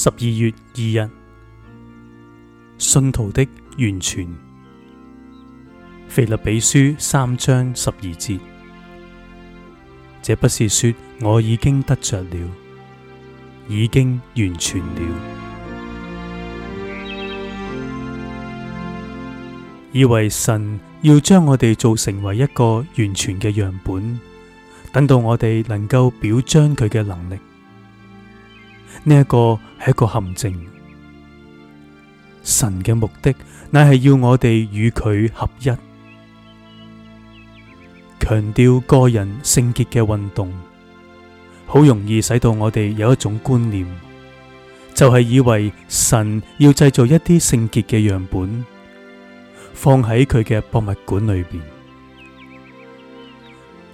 十二月二日，信徒的完全，菲律比書三章十二節。這不是說我已經得着了，已經完全了，以為神要將我哋做成為一個完全嘅樣本，等到我哋能夠表彰佢嘅能力。呢、這、一個係一個陷阱。神嘅目的乃係要我哋與佢合一，強調個人聖潔嘅運動，好容易使到我哋有一種觀念，就係、是、以為神要製造一啲聖潔嘅樣本，放喺佢嘅博物館裏邊。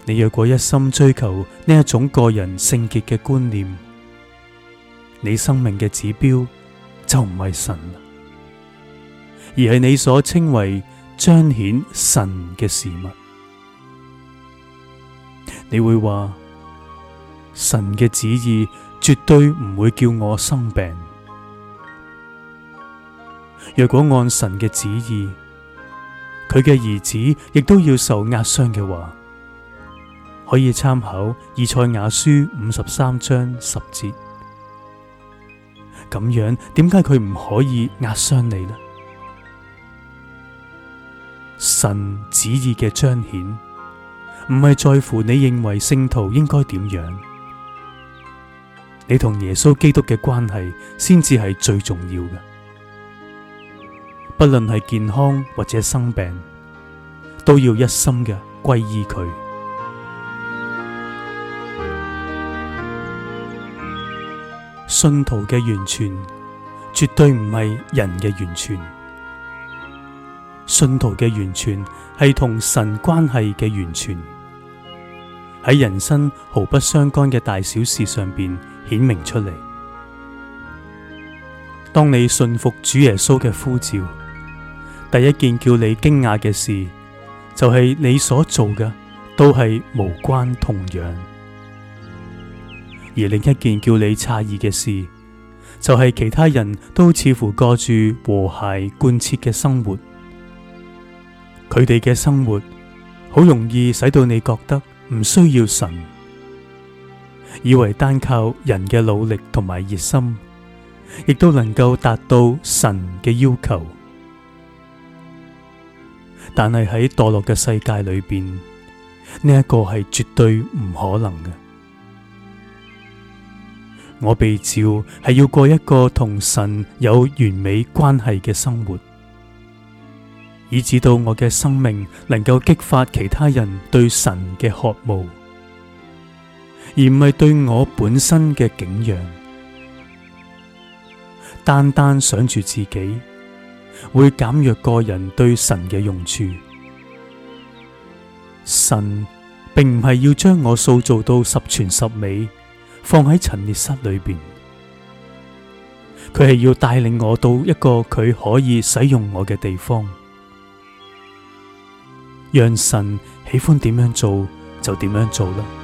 你若果一心追求呢一種個人聖潔嘅觀念，你生命嘅指標就唔係神了，而係你所稱為彰顯神嘅事物。你會話神嘅旨意絕對唔會叫我生病。若果按神嘅旨意，佢嘅兒子亦都要受壓傷嘅話，可以參考以賽亞書五十三章十節。咁樣，點解佢唔可以壓傷你呢？神旨意嘅彰顯，唔係在乎你認為聖徒應該點樣，你同耶穌基督嘅關係先至係最重要嘅。不論係健康或者生病，都要一心嘅皈依佢。信徒嘅完全，絕對唔係人嘅完全。信徒嘅完全係同神關係嘅完全，喺人生毫不相干嘅大小事上邊顯明出嚟。當你信服主耶穌嘅呼召，第一件叫你驚訝嘅事，就係、是、你所做嘅都係無關同樣。而另一件叫你詫異嘅事，就係、是、其他人都似乎過住和諧貫徹嘅生活，佢哋嘅生活好容易使到你覺得唔需要神，以為單靠人嘅努力同埋熱心，亦都能夠達到神嘅要求。但係喺墮落嘅世界裏邊，呢、這、一個係絕對唔可能嘅。我被召係要過一個同神有完美關係嘅生活，以至到我嘅生命能夠激發其他人對神嘅渴慕，而唔係對我本身嘅敬仰。單單想住自己，會減弱個人對神嘅用處。神並唔係要將我塑造到十全十美。放喺陳列室裏邊，佢係要帶領我到一個佢可以使用我嘅地方，讓神喜歡點樣做就點樣做啦。